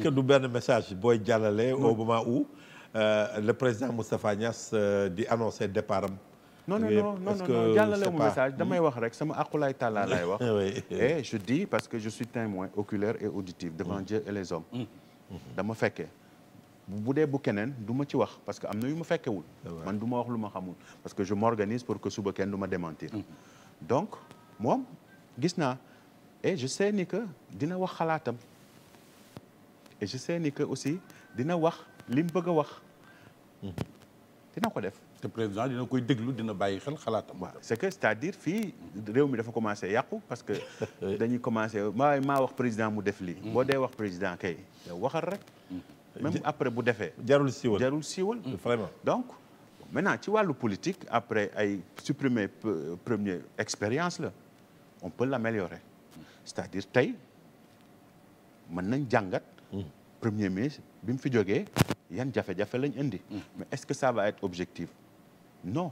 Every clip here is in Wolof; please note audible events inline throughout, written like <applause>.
que du benn message booy jàllale. au moment où euh, le président Moustapha Niass euh, di annoncer départ am. non non non non non jàllale mu message damay wax rek sama aqulaay tàllaa laay wax. <laughs> et je dis parce que je suis témoin oculaire et auditif devant mm. Dieu et les hommes. Mm. dama fekkee bu dee bu keneen du ma ci wax parce que am na yu ma fekkewul man du ma wax lu ma xamul parce que je m'organise pour que suba kenn du ma démentir. Mm. donc moom gis naa et je sais ni que dina wax xalaatam. e je sais ni que aussi dina wax li mu bëgg a wax dina ko def. te président dina koy déglu dina bàyyi xel xalaatam. waaw c'est que c'est-à-dire fii réew mi dafa commencé yàqu parce que <laughs> dañuy commencé maa maa wax président mu def lii. Mm-hmm. boo dee wax président kay waxal rek. Mm-hmm. même après bu defee. jarul siiwal jarul siiwal. Mm-hmm. vraiment donc maintenant ci wàllu politique après ay supprimer premier expérience la on peut l'améliorer c'est-à-dire tey mën nañ jàngat. premier ministre bi mu fi jógee yan jafe-jafe lañ indi. mais est-ce que ça va être objectif non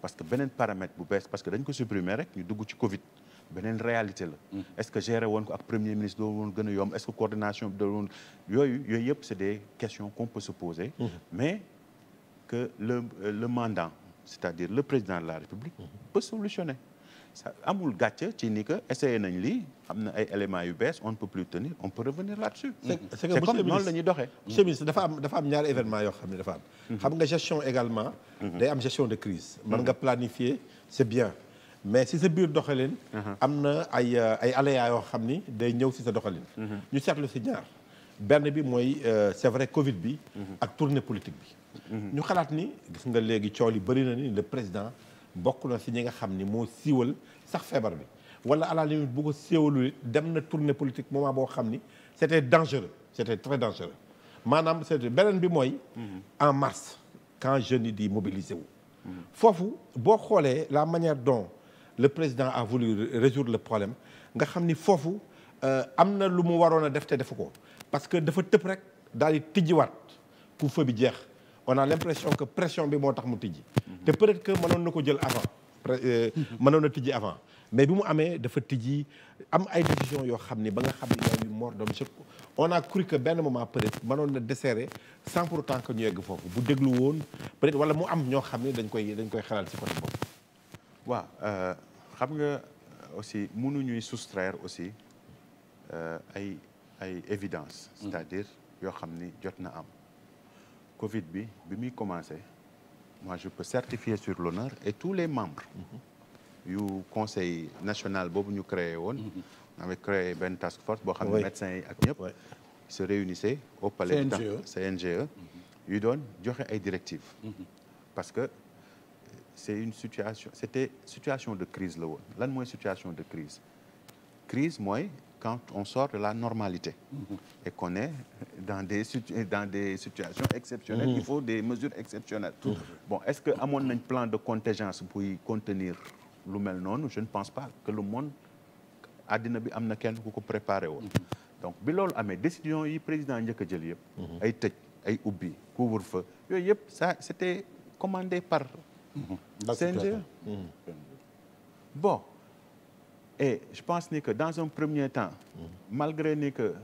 parce que beneen paramètre bu bees parce que dañ ko supprimer rek ñu dugg ci Covid beneen réalité la. est-ce que gérer woon ko ak premier ministre doo woon gën a yomb est-ce que coordination bi doo woon yooyu yooyu yëpp c'est des questions qu'on peut se poser. mais que le euh, le mandant c'est-à-dire le président de la République peut solutionner. amul gàcce ci ni que essayé nañ lii am na ay éléments yu bees on ne peut plus tenir on peut revenir là-dessus. c'est que comme la ñuy doxee. monsieur ministre dafa am dafa am ñaari événement yoo xam ne dafa am. Mm-hmm. xam nga gestion également. Mm-hmm. day am gestion de crise man mm-hmm. nga planifier c'est bien. mais si sa biir doxalin. Uh-huh. am na ay euh, ay aléas yoo xam ni day ñëw si sa doxalin. ñu seetlu si ñaar benn bi mooy euh, c'est vrai Covid bi. ak tournée politique bi. ñu xalaat ni gis nga léegi coow li bëri na ni le président. bokk na si ñi nga xam ni moo siiwal sax feebar bi wala à la limite bu ko siiwalu dem na tournée politique moment boo xam ni c' était dangereux c' était très dangereux maanaam c' était beneen bi mooy. Mhm. en mars quand jeunes yi di mobiliser wu. Mhm. foofu boo xoolee la manière dont le président a voulu résoudre le problème nga xam ni foofu euh, am na lu mu waroon a def te defu ko parce que dafa tëb rek daal di tijjiwaat ku feu bi jeex on a l' impression que pression bi moo tax mu tijji. te peut-être que manoon na ko jël avant. Euh, mhm. mënoon na tijji avant mais bi mu amee dafa tijji am ay décision yoo xam ni ba nga xam ne yooyu mort d'homme on a cru que benn moment peut-être mënoon na desserrer sans pour autant que ñu yegg foofu bu déglu woon peut-être wala mu am ñoo xam ne dañ koy dañ koy xalaat ci côté boobu. waaw euh, xam nga aussi mënuñuy soustraire aussi euh, ay ay évidence mm. c'est-à-dire yoo xam ni jot na am Covid bi bi muy commencé. moi je peux certifier sur l'honneur et tous les membres mm-hmm. yu conseil national boobu ñu créé woon mm-hmm. avec créé benn task force boo xam ne médecins yi ak ñëpp se réunissaient au palais CNGE e. e, mm-hmm. yu doon joxe ay directives parce que c'est une situation c'était situation de crise la woon lan mooy situation de crise crise mooy quand on sort de la normalité mm-hmm. et qu'on dans des dans des situations exceptionnelles mm-hmm. il faut des mesures exceptionnelles mm-hmm. bon est-ce que amoon nañ plan de contingence buy contenir lu mel noonu je ne pense pas que le monde àddina bi am na kenn ku ko préparé woon donc bi loolu amee décision yi président njëkk a jël yëpp ay tëj ay ubbi couvre-feu yooyu yëpp ça c'était commandé par CNG e. et je pense ni que dans un premier temps malgré ni que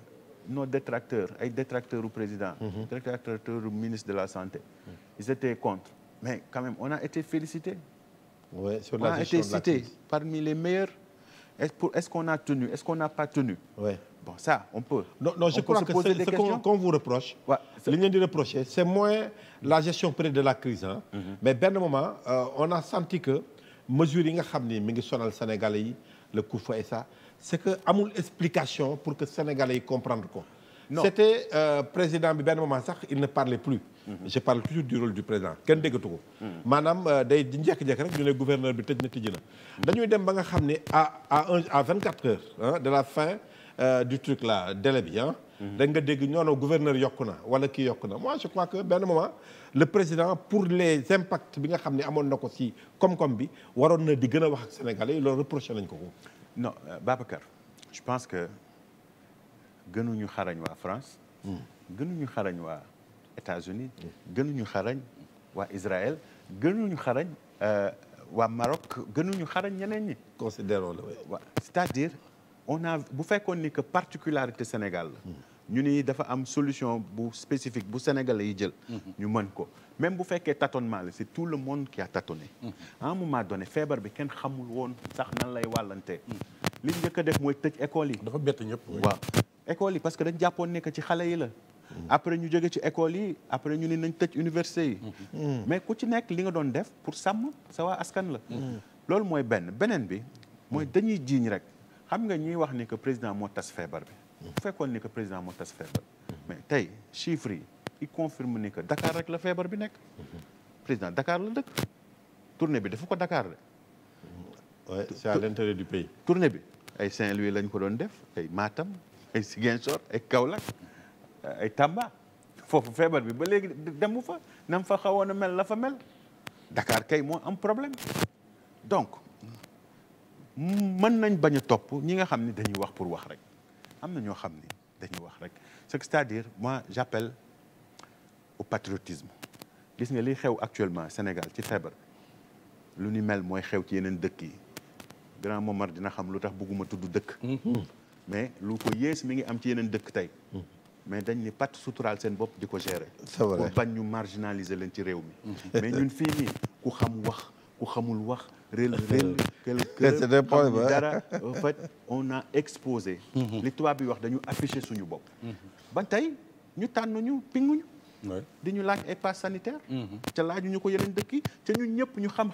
no détracteurs ay détracteurs u président mhm. détracteurs u ministre de la santé mhm. ils étaient contre mais quand même on a été félicité ouais, sur la on a été cité parmi les meilleurs est-ce qu'on a tenu est-ce qu'on n'a pas tenu ouais. bon on peut non, non je on qu'on vous reproche c'est moins la gestion près de la crise hein mm -hmm. mais benn moment euh, on a senti que mesures yi nga xam ni mi ngi sonal Sénégalais yi le couvre-feu et ça c'est que amul explication pour que sénégalais yi comprendre ko non c'était euh, président bi benn moment sax il ne parlait plus. Mm -hmm. je parle toujours du rôle du président kenn déggatu ko. Mhm. maanaam euh, day njëkk-njëkk rek ñu ne gouverneur bi tëj na tëj na. Mhm. dañuy dem ba nga xam ne à à un vingt quatre heures. de la fin euh, du truc là délai bi Mm-hmm. dégg nga dégg ñoo gouverneur yokku na wala ki yokku na moi je crois que benn moment le président pour les impacts bi nga xam ne amoon na ko ci koom-koom bi waroon na di gën a wax ak sénégalais yi loolu reproché nañ ko ko. non euh, Babacar je pense que gënuñu xarañ waa France. Mm. gënuñu xarañ waa États-Unis mm. gënuñu xarañ waa Israël gënuñu xarañ euh, waa Maroc gënuñu xarañ ñeneen ñi. considérons la waaw c'est-à-dire. on a bu fekkoon ni que particularité Sénégal la. ñu ni dafa am solution bu spécifique bu Sénégalais yi jël. Mhm. ñu mën ko même bu fekkee tâtonnement la c'est tout le monde qui a tâtonné. Mhm. à un moment donné feebar bi kenn xamul woon sax nan lay wàllante. Mhm. li ñu njëkk def mooy tëj école yi. dafa bett ñëpp. waaw école yi parce que dañ jàppoon ne que ci xale yi la. après ñu jege ci école yi après ñu ne nañ tëj université yi. mais ku ci nekk li nga doon def pour sàmm sa waa askan la. loolu mooy benn beneen bi mooy dañuy jiiñ rek. xam nga ñuy wax ni que président moo tas feebar bi bu mm-hmm. fekkoon ni que président moo tas feebar bi mm-hmm. mais tey chiffres yi il confirme ni que Dakar rek la feebar bi nekk mm-hmm. président Dakar la dëkk tournée bi dafa ko Dakar de oui c'est tournée bi ay Saint-Louis lañ ko doon def ay maatam ay Ziguinchor ay Kaolack euh, ay Tamba foofu feebar bi ba léegi dem demu fa nam fa xawoon a mel la fa mel dakaar kay moo am problème donc mën nañ bañ a topp ñi nga xam ni dañuy wax pour wax rek am na ñoo xam ni dañuy wax rek c'est-à-dire moi j'appelle au patriotisme gis nga liy xew actuellement Sénégal ci feebar lu ni mel mooy xew ci yeneen dëkk yi grand Momar dina xam lu tax bëgguma tudd dëkk mhm. mais lu ko yées mi ngi am ci yeneen dëkk tey mhm. mais dañ ni pat suturaal seen bopp di ko gérer c'est vrai pour bañ ñu marginaliser leen ci réew mi mhm. mais ñun fii nii ku xam wax ku xamul wax réel réel quelque xamul dara en fait on a exposé mhm. li tubaab bi wax dañu affiché suñu bopp mhm. ba tey ñu tànn ñu pinguñu di ñu laaj ay pass sanitaire mhm. ca ñu ko yeneen dëkk ca ñun ñëpp ñu xam